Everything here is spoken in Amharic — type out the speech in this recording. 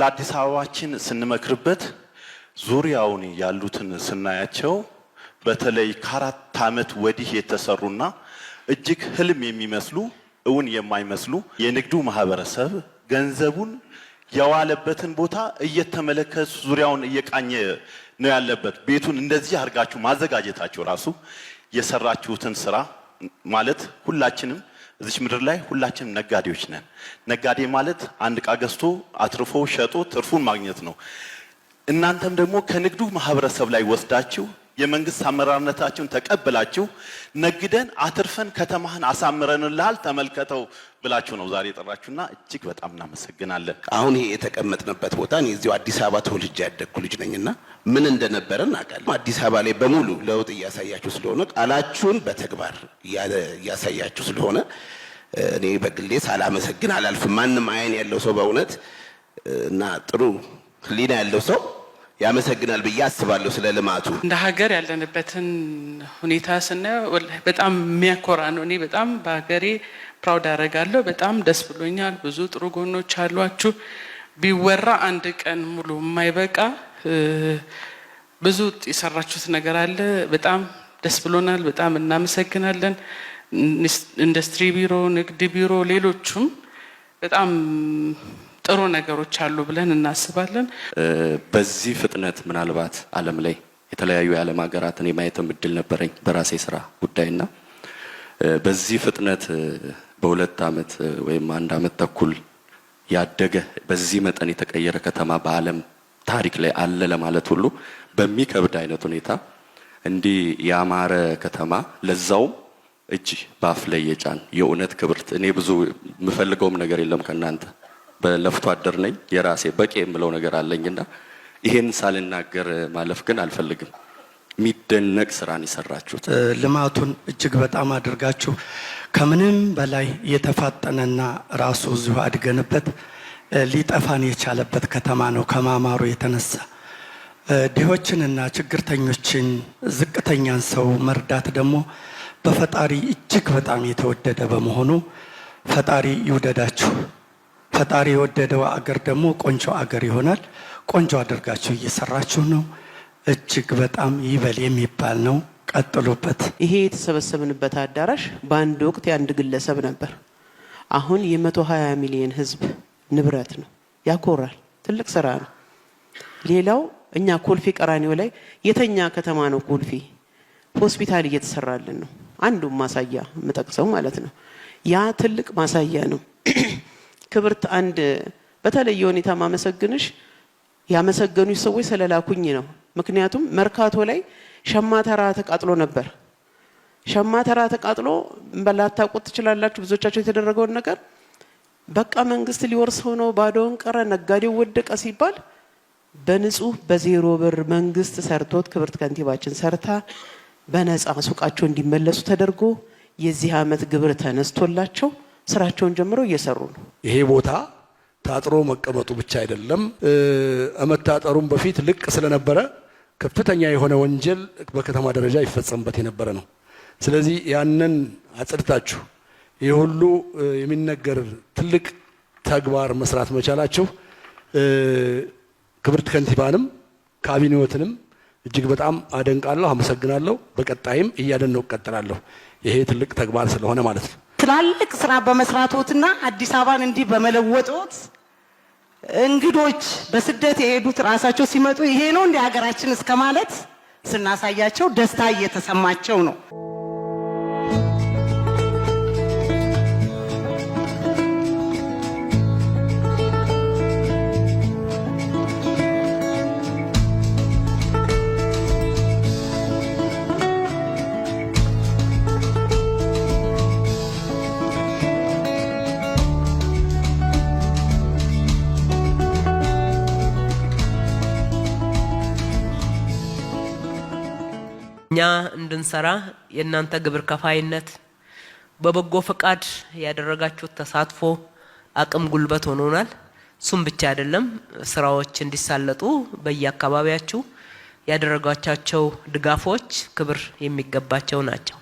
ስለ አዲስ አበባችን ስንመክርበት ዙሪያውን ያሉትን ስናያቸው በተለይ ከአራት ዓመት ወዲህ የተሰሩና እጅግ ህልም የሚመስሉ እውን የማይመስሉ የንግዱ ማህበረሰብ ገንዘቡን የዋለበትን ቦታ እየተመለከቱ ዙሪያውን እየቃኘ ነው ያለበት። ቤቱን እንደዚህ አድርጋችሁ ማዘጋጀታቸው ራሱ የሰራችሁትን ስራ ማለት ሁላችንም እዚች ምድር ላይ ሁላችንም ነጋዴዎች ነን። ነጋዴ ማለት አንድ እቃ ገዝቶ አትርፎ ሸጦ ትርፉን ማግኘት ነው። እናንተም ደግሞ ከንግዱ ማህበረሰብ ላይ ወስዳችሁ የመንግስት አመራርነታችሁን ተቀብላችሁ ነግደን አትርፈን ከተማህን አሳምረንልሃል ተመልከተው ብላችሁ ነው ዛሬ የጠራችሁና እጅግ በጣም እናመሰግናለን። አሁን ይሄ የተቀመጥንበት ቦታ እኔ እዚሁ አዲስ አበባ ተወልጄ ያደግኩ ልጅ ነኝና ምን እንደነበረ እናውቃለን። አዲስ አበባ ላይ በሙሉ ለውጥ እያሳያችሁ ስለሆነ ቃላችሁን በተግባር እያሳያችሁ ስለሆነ እኔ በግሌ ሳላመሰግን አላልፍም። ማንም አይን ያለው ሰው በእውነት እና ጥሩ ህሊና ያለው ሰው ያመሰግናል ብዬ አስባለሁ። ስለ ልማቱ እንደ ሀገር ያለንበትን ሁኔታ ስናየው በጣም የሚያኮራ ነው። እኔ በጣም በሀገሬ ፕራውድ አደርጋለሁ። በጣም ደስ ብሎኛል። ብዙ ጥሩ ጎኖች አሏችሁ። ቢወራ አንድ ቀን ሙሉ የማይበቃ ብዙ የሰራችሁት ነገር አለ። በጣም ደስ ብሎናል። በጣም እናመሰግናለን። ኢንዱስትሪ ቢሮ፣ ንግድ ቢሮ፣ ሌሎቹም በጣም ጥሩ ነገሮች አሉ ብለን እናስባለን። በዚህ ፍጥነት ምናልባት ዓለም ላይ የተለያዩ የዓለም ሀገራትን የማየትም እድል ነበረኝ በራሴ ስራ ጉዳይና በዚህ ፍጥነት በሁለት ዓመት ወይም አንድ ዓመት ተኩል ያደገ በዚህ መጠን የተቀየረ ከተማ በዓለም ታሪክ ላይ አለ ለማለት ሁሉ በሚከብድ አይነት ሁኔታ እንዲህ ያማረ ከተማ ለዛውም እጅ በአፍ ላይ የጫን የእውነት ክብርት እኔ ብዙ የምፈልገውም ነገር የለም ከእናንተ በለፍቶ አደር ነኝ። የራሴ በቂ የምለው ነገር አለኝና ይሄን ሳልናገር ማለፍ ግን አልፈልግም። የሚደነቅ ስራን የሰራችሁት ልማቱን እጅግ በጣም አድርጋችሁ ከምንም በላይ የተፋጠነና ራሱ እዚሁ አድገንበት ሊጠፋን የቻለበት ከተማ ነው። ከማማሩ የተነሳ ድሆችንና ችግርተኞችን ዝቅተኛን ሰው መርዳት ደግሞ በፈጣሪ እጅግ በጣም የተወደደ በመሆኑ ፈጣሪ ይውደዳችሁ። ፈጣሪ የወደደው አገር ደግሞ ቆንጆ አገር ይሆናል። ቆንጆ አድርጋችሁ እየሰራችሁ ነው። እጅግ በጣም ይበል የሚባል ነው። ቀጥሎበት ይሄ የተሰበሰብንበት አዳራሽ በአንድ ወቅት የአንድ ግለሰብ ነበር። አሁን የ120 ሚሊዮን ህዝብ ንብረት ነው። ያኮራል። ትልቅ ስራ ነው። ሌላው እኛ ኮልፌ ቀራኒዮ ላይ የተኛ ከተማ ነው። ኮልፌ ሆስፒታል እየተሰራልን ነው። አንዱ ማሳያ የምጠቅሰው ማለት ነው። ያ ትልቅ ማሳያ ነው። ክብርት አንድ በተለየ ሁኔታ ማመሰግንሽ ያመሰገኑ ሰዎች ስለላኩኝ ነው። ምክንያቱም መርካቶ ላይ ሸማ ተራ ተቃጥሎ ነበር። ሸማ ተራ ተቃጥሎ በላታቁት ትችላላችሁ ብዙዎቻቸው የተደረገውን ነገር በቃ መንግስት ሊወርስ ሆኖ ባዶውን ቀረ፣ ነጋዴው ወደቀ ሲባል በንጹህ በዜሮ ብር መንግስት ሰርቶት ክብርት ከንቲባችን ሰርታ በነፃ ሱቃቸው እንዲመለሱ ተደርጎ የዚህ ዓመት ግብር ተነስቶላቸው ስራቸውን ጀምሮ እየሰሩ ነው። ይሄ ቦታ ታጥሮ መቀመጡ ብቻ አይደለም፣ መታጠሩም በፊት ልቅ ስለነበረ ከፍተኛ የሆነ ወንጀል በከተማ ደረጃ ይፈጸምበት የነበረ ነው። ስለዚህ ያንን አጽድታችሁ ይህ ሁሉ የሚነገር ትልቅ ተግባር መስራት መቻላችሁ ክብርት ከንቲባንም ካቢኔዎትንም እጅግ በጣም አደንቃለሁ፣ አመሰግናለሁ። በቀጣይም እያደነቁ እቀጥላለሁ። ይሄ ትልቅ ተግባር ስለሆነ ማለት ነው። ትላልቅ ስራ በመስራቶትና አዲስ አበባን እንዲህ በመለወጦት እንግዶች በስደት የሄዱት ራሳቸው ሲመጡ ይሄ ነው እንደ ሀገራችን እስከ ማለት ስናሳያቸው ደስታ እየተሰማቸው ነው። እኛ እንድንሰራ የእናንተ ግብር ከፋይነት በበጎ ፈቃድ ያደረጋችሁት ተሳትፎ አቅም ጉልበት ሆኖናል። እሱም ብቻ አይደለም፣ ስራዎች እንዲሳለጡ በየአካባቢያችሁ ያደረጓቻቸው ድጋፎች ክብር የሚገባቸው ናቸው።